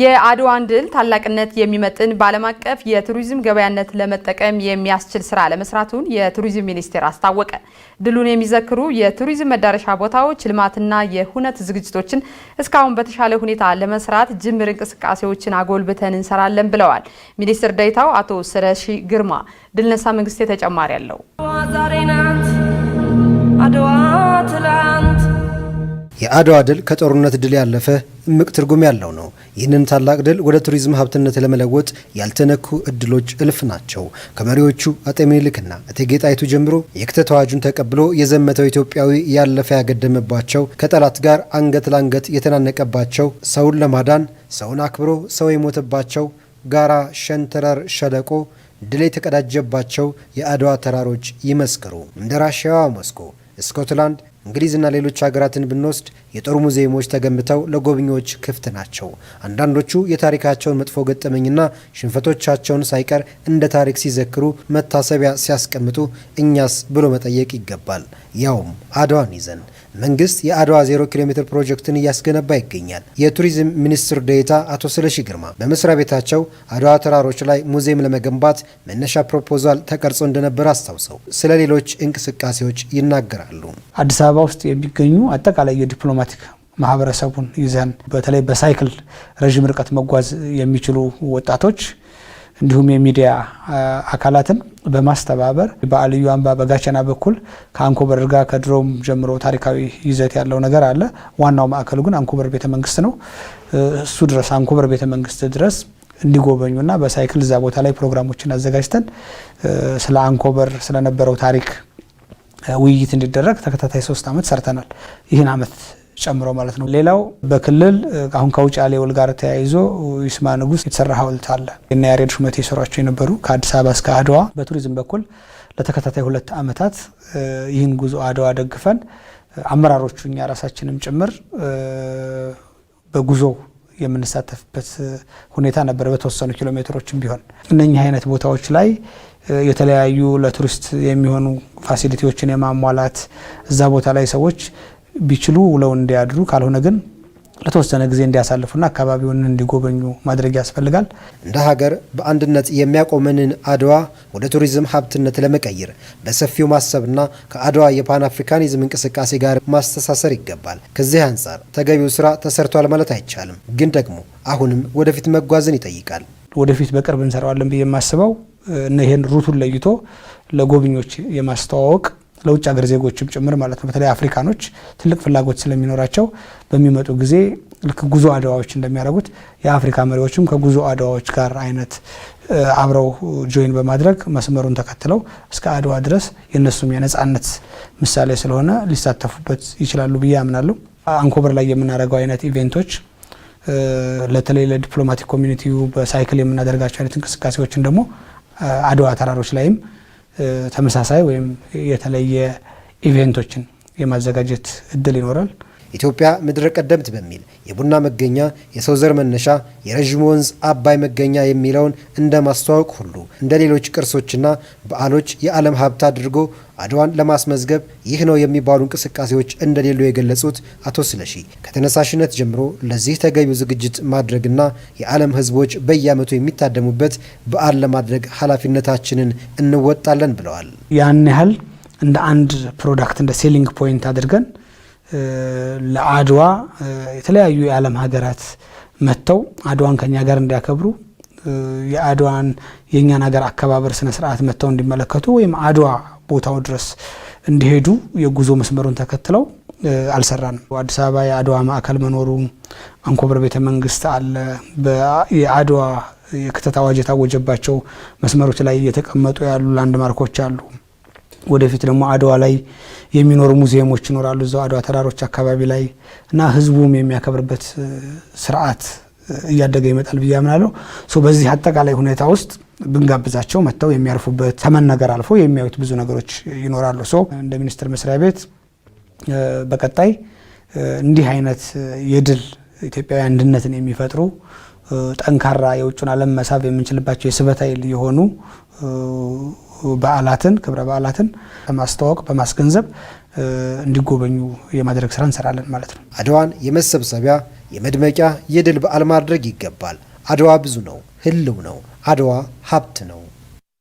የአድዋን ድል ታላቅነት የሚመጥን በዓለም አቀፍ የቱሪዝም ገበያነት ለመጠቀም የሚያስችል ስራ ለመስራቱን የቱሪዝም ሚኒስቴር አስታወቀ። ድሉን የሚዘክሩ የቱሪዝም መዳረሻ ቦታዎች ልማትና የሁነት ዝግጅቶችን እስካሁን በተሻለ ሁኔታ ለመስራት ጅምር እንቅስቃሴዎችን አጎልብተን እንሰራለን ብለዋል ሚኒስትር ዴኤታው አቶ ስረሺ ግርማ። ድልነሳ መንግስቴ ተጨማሪ አለው። አድዋ ትላንት የአድዋ ድል ከጦርነት ድል ያለፈ እምቅ ትርጉም ያለው ነው። ይህንን ታላቅ ድል ወደ ቱሪዝም ሀብትነት ለመለወጥ ያልተነኩ እድሎች እልፍ ናቸው። ከመሪዎቹ አጤ ምኒልክና እቴጌ ጣይቱ ጀምሮ የክተ ተዋጁን ተቀብሎ የዘመተው ኢትዮጵያዊ ያለፈ ያገደመባቸው፣ ከጠላት ጋር አንገት ለአንገት የተናነቀባቸው፣ ሰውን ለማዳን ሰውን አክብሮ ሰው የሞተባቸው፣ ጋራ ሸንተረር ሸለቆ ድል የተቀዳጀባቸው የአድዋ ተራሮች ይመስክሩ። ራሽያዋ ሞስኮ ስኮትላንድ እንግሊዝና ሌሎች ሀገራትን ብንወስድ የጦር ሙዚየሞች ተገንብተው ለጎብኚዎች ክፍት ናቸው። አንዳንዶቹ የታሪካቸውን መጥፎ ገጠመኝና ሽንፈቶቻቸውን ሳይቀር እንደ ታሪክ ሲዘክሩ መታሰቢያ ሲያስቀምጡ እኛስ ብሎ መጠየቅ ይገባል። ያውም አድዋን ይዘን መንግስት የአድዋ ዜሮ ኪሎ ሜትር ፕሮጀክትን እያስገነባ ይገኛል። የቱሪዝም ሚኒስትር ዴኤታ አቶ ስለሺ ግርማ በመስሪያ ቤታቸው አድዋ ተራሮች ላይ ሙዚየም ለመገንባት መነሻ ፕሮፖዛል ተቀርጾ እንደነበረ አስታውሰው ስለ ሌሎች እንቅስቃሴዎች ይናገራሉ። አዲስ አበባ ውስጥ የሚገኙ አጠቃላይ የዲፕሎማቲክ ማህበረሰቡን ይዘን በተለይ በሳይክል ረዥም ርቀት መጓዝ የሚችሉ ወጣቶች እንዲሁም የሚዲያ አካላትን በማስተባበር በአልዩ አምባ በጋቸና በኩል ከአንኮበር ጋር ከድሮም ጀምሮ ታሪካዊ ይዘት ያለው ነገር አለ። ዋናው ማዕከሉ ግን አንኮበር ቤተ መንግስት ነው። እሱ ድረስ አንኮበር ቤተ መንግስት ድረስ እንዲጎበኙና በሳይክል እዛ ቦታ ላይ ፕሮግራሞችን አዘጋጅተን ስለ አንኮበር ስለነበረው ታሪክ ውይይት እንዲደረግ ተከታታይ ሶስት ዓመት ሰርተናል። ይህን ዓመት ጨምሮ ማለት ነው። ሌላው በክልል አሁን ከውጫሌ ውል ጋር ተያይዞ ይስማ ንጉስ የተሰራ ሀውልት አለ እና ያሬድ ሹመት የሰሯቸው የነበሩ ከአዲስ አበባ እስከ አድዋ በቱሪዝም በኩል ለተከታታይ ሁለት ዓመታት ይህን ጉዞ አድዋ ደግፈን አመራሮቹ እኛ ራሳችንም ጭምር በጉዞ የምንሳተፍበት ሁኔታ ነበረ። በተወሰኑ ኪሎ ሜትሮችም ቢሆን እነኚህ አይነት ቦታዎች ላይ የተለያዩ ለቱሪስት የሚሆኑ ፋሲሊቲዎችን የማሟላት እዛ ቦታ ላይ ሰዎች ቢችሉ ውለው እንዲያድሩ ካልሆነ ግን ለተወሰነ ጊዜ እንዲያሳልፉና አካባቢውን እንዲጎበኙ ማድረግ ያስፈልጋል። እንደ ሀገር በአንድነት የሚያቆመንን አድዋ ወደ ቱሪዝም ሀብትነት ለመቀየር በሰፊው ማሰብና ከአድዋ የፓን አፍሪካኒዝም እንቅስቃሴ ጋር ማስተሳሰር ይገባል። ከዚህ አንጻር ተገቢው ስራ ተሰርቷል ማለት አይቻልም፣ ግን ደግሞ አሁንም ወደፊት መጓዝን ይጠይቃል። ወደፊት በቅርብ እንሰራዋለን ብዬ የማስበው ይህን ሩቱን ለይቶ ለጎብኚዎች የማስተዋወቅ ለውጭ ሀገር ዜጎችም ጭምር ማለት ነው። በተለይ አፍሪካኖች ትልቅ ፍላጎት ስለሚኖራቸው በሚመጡ ጊዜ ልክ ጉዞ አድዋዎች እንደሚያደርጉት የአፍሪካ መሪዎችም ከጉዞ አድዋዎች ጋር አይነት አብረው ጆይን በማድረግ መስመሩን ተከትለው እስከ አድዋ ድረስ የእነሱም የነጻነት ምሳሌ ስለሆነ ሊሳተፉበት ይችላሉ ብዬ አምናለሁ። አንኮበር ላይ የምናደርገው አይነት ኢቬንቶች ለተለይ ለዲፕሎማቲክ ኮሚኒቲው በሳይክል የምናደርጋቸው አይነት እንቅስቃሴዎችን ደግሞ አድዋ ተራሮች ላይም ተመሳሳይ ወይም የተለየ ኢቬንቶችን የማዘጋጀት እድል ይኖራል። ኢትዮጵያ ምድረ ቀደምት በሚል የቡና መገኛ፣ የሰው ዘር መነሻ፣ የረዥሙ ወንዝ አባይ መገኛ የሚለውን እንደ ማስተዋወቅ ሁሉ እንደ ሌሎች ቅርሶችና በዓሎች የዓለም ሀብት አድርጎ አድዋን ለማስመዝገብ ይህ ነው የሚባሉ እንቅስቃሴዎች እንደሌሉ የገለጹት አቶ ስለሺ ከተነሳሽነት ጀምሮ ለዚህ ተገቢው ዝግጅት ማድረግና የዓለም ሕዝቦች በየዓመቱ የሚታደሙበት በዓል ለማድረግ ኃላፊነታችንን እንወጣለን ብለዋል። ያን ያህል እንደ አንድ ፕሮዳክት እንደ ሴሊንግ ፖይንት አድርገን ለአድዋ የተለያዩ የዓለም ሀገራት መጥተው አድዋን ከኛ ጋር እንዲያከብሩ የአድዋን የእኛን ሀገር አከባበር ስነ ስርዓት መጥተው እንዲመለከቱ ወይም አድዋ ቦታው ድረስ እንዲሄዱ የጉዞ መስመሩን ተከትለው አልሰራንም። አዲስ አበባ የአድዋ ማዕከል መኖሩ፣ አንኮበር ቤተ መንግስት አለ። የአድዋ የክተት አዋጅ የታወጀባቸው መስመሮች ላይ እየተቀመጡ ያሉ ላንድማርኮች አሉ። ወደፊት ደግሞ አድዋ ላይ የሚኖሩ ሙዚየሞች ይኖራሉ እዛው አድዋ ተራሮች አካባቢ ላይ እና ህዝቡም የሚያከብርበት ስርዓት እያደገ ይመጣል ብዬ አምናለሁ። በዚህ አጠቃላይ ሁኔታ ውስጥ ብንጋብዛቸው መጥተው የሚያርፉበት ተመን ነገር አልፎ የሚያዩት ብዙ ነገሮች ይኖራሉ። እንደ ሚኒስቴር መስሪያ ቤት በቀጣይ እንዲህ አይነት የድል ኢትዮጵያዊ አንድነትን የሚፈጥሩ ጠንካራ የውጭን ዓለም መሳብ የምንችልባቸው የስበት ኃይል የሆኑ በዓላትን ክብረ በዓላትን በማስተዋወቅ በማስገንዘብ እንዲጎበኙ የማድረግ ስራ እንሰራለን ማለት ነው። አድዋን የመሰብሰቢያ የመድመቂያ የድል በዓል ማድረግ ይገባል። አድዋ ብዙ ነው፣ ህልው ነው። አድዋ ሀብት ነው።